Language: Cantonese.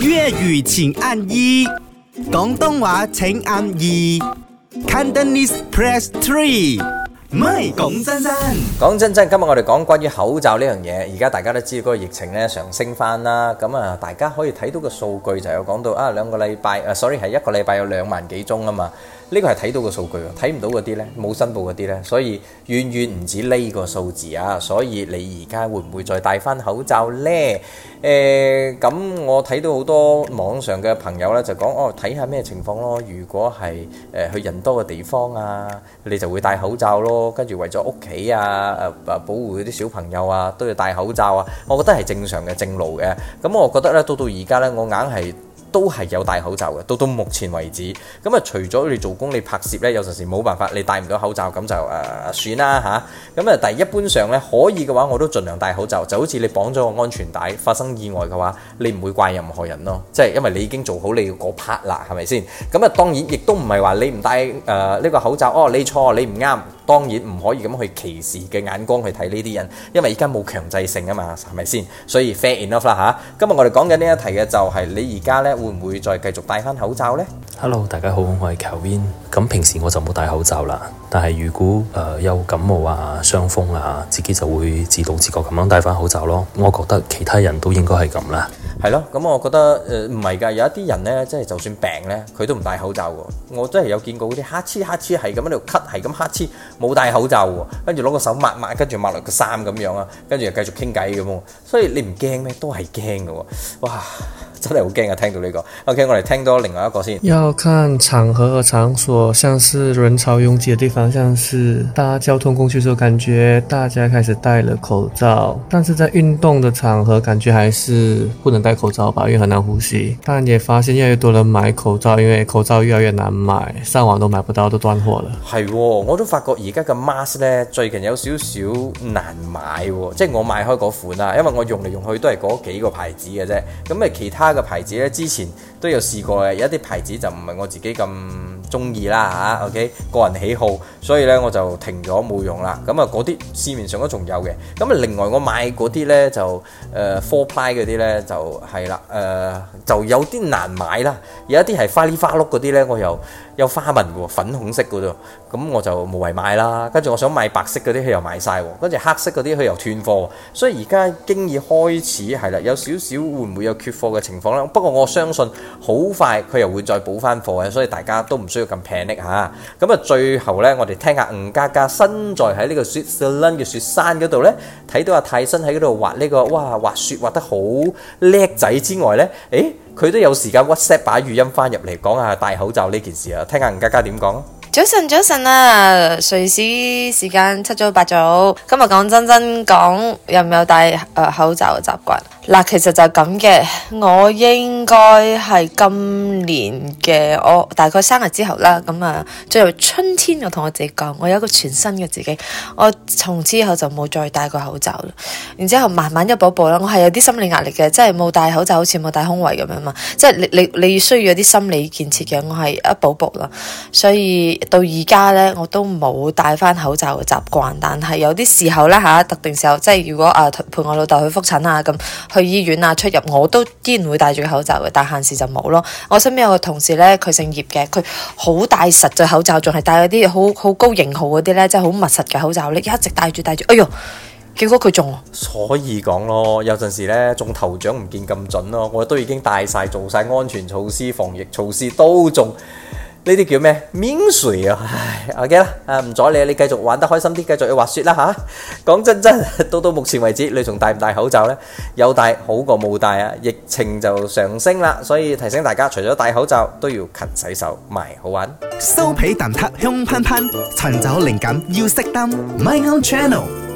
粵語請按一，廣東話請按二 Cantonese press three。唔 該，講真真，講真真，今日我哋講關於口罩呢樣嘢，而家大家都知道嗰個疫情，咧上升翻啦，咁啊，大家可以睇到個數據就有講到啊，兩個禮拜，誒、啊，sorry 係一個禮拜有兩萬幾宗啊嘛。呢個係睇到個數據喎，睇唔到嗰啲呢，冇申報嗰啲呢，所以遠遠唔止呢個數字啊！所以你而家會唔會再戴翻口罩呢？誒，咁我睇到好多網上嘅朋友呢就講，哦，睇下咩情況咯。如果係誒去人多嘅地方啊，你就會戴口罩咯。跟住為咗屋企啊誒誒保護嗰啲小朋友啊都要戴口罩啊。我覺得係正常嘅正路嘅。咁我覺得呢，到到而家呢，我硬係，都係有戴口罩嘅，到到目前為止，咁啊，除咗你做工你拍攝呢，有陣時冇辦法你戴唔到口罩，咁就誒、呃、算啦吓，咁啊，但係一般上呢，可以嘅話，我都盡量戴口罩，就好似你綁咗個安全帶，發生意外嘅話，你唔會怪任何人咯，即係因為你已經做好你嗰 part 啦，係咪先？咁啊，當然亦都唔係話你唔戴誒呢、呃呢個口罩，哦，你錯，你唔啱。當然唔可以咁去歧視嘅眼光去睇呢啲人，因為而家冇強制性啊嘛，係咪先？所以 fair enough 啦嚇、啊。今日我哋講緊呢一題嘅就係你而家咧會唔會再繼續戴翻口罩咧？Hello，大家好，我係 Kevin。咁平時我就冇戴口罩啦，但係如果誒、呃、有感冒啊、傷風啊，自己就會自動自覺咁樣戴翻口罩咯。我覺得其他人都應該係咁啦。係咯，咁我覺得誒唔係㗎，呃呃、acceptable 有一啲人咧，即係就算病咧，佢都唔戴口罩㗎。我真係有見過嗰啲嚇黐嚇黐，係咁喺度咳，係咁嚇黐，冇戴口罩喎，跟住攞個手抹抹，跟住抹落個衫咁樣啊，跟住又繼續傾偈咁。所以你唔驚咩？都係驚㗎喎。哇，真係好驚啊！聽到呢、這個，OK，我哋聽到另外一個先。要看場合和場所，像是人潮擁擠嘅地方，像是搭交通工具時候，我感覺大家開始戴了口罩，但是在運動的場合，感覺還是不能戴。戴口罩吧，因為很難呼吸。但也發現越來越多人買口罩，因為口罩越來越難買，上網都買不到，都斷貨了。係、 哦，我都發覺而家嘅 mask 咧，最近有少少難買、哦。即係我買開嗰款啦，因為我用嚟用去都係嗰幾個牌子嘅啫。咁啊，其他嘅牌子咧，之前都有試過嘅，有一啲牌子就唔係我自己咁中意啦吓。OK，個人喜好，所以咧我就停咗冇用啦。咁啊，嗰啲市面上都仲有嘅。咁啊，另外我買嗰啲咧就誒，four ply 嗰啲咧就。呃係啦，誒、呃、就有啲難買啦，有一啲係花里花碌嗰啲呢，我又有,有花紋喎，粉紅色嗰度，咁我就無謂買啦。跟住我想買白色嗰啲，佢又買晒；跟住黑色嗰啲，佢又斷貨。所以而家經已開始係啦，有少少會唔會有缺貨嘅情況咧？不過我相信好快佢又會再補翻貨嘅，所以大家都唔需要咁 panic 吓。咁啊，最後呢，我哋聽下吳家家身在喺呢個雪嘅雪山嗰度呢，睇到阿泰森喺嗰度滑呢個，哇，滑雪滑得好叻！仔之外咧，誒、欸，佢都有時間 WhatsApp 把語音翻入嚟講下戴口罩呢件事啊，聽下人家家點講啊！早晨，早晨啊！瑞士時，時間七早八早，今日講真真講，有唔有戴，誒、呃、口罩嘅習慣？嗱，其實就咁嘅，我應該係今年嘅，我大概生日之後啦，咁、嗯、啊，最後春天，我同我自己講，我有一個全新嘅自己，我從此以後就冇再戴過口罩啦。然之後慢慢一步一步啦，我係有啲心理壓力嘅，即係冇戴口罩好似冇戴胸圍咁樣嘛，即係你你你需要有啲心理建設嘅，我係一步一步啦，所以。到而家呢，我都冇戴翻口罩嘅習慣。但係有啲時候呢，嚇，特定時候即係如果啊陪我老豆去覆診啊咁，去醫院啊出入，我都依然會戴住口罩嘅。但閒時就冇咯。我身邊有個同事呢，佢姓葉嘅，佢好戴實隻口罩，仲係戴嗰啲好好高型號嗰啲呢，即係好密實嘅口罩呢，一直戴住戴住，哎呦，結果佢仲所以講咯，有陣時呢，中頭獎唔見咁準咯。我都已經戴晒，做晒安全措施、防疫措施都，都仲……呢啲叫咩？免稅啊！OK 啦，啊唔阻你啊，你繼續玩得開心啲，繼續去滑雪啦吓！講真真，到到目前為止，你仲戴唔戴口罩呢？有戴好過冇戴啊！疫情就上升啦，所以提醒大家，除咗戴口罩，都要勤洗手，埋好玩。收皮蛋撻香噴噴，尋找靈感要識登 My Own Channel。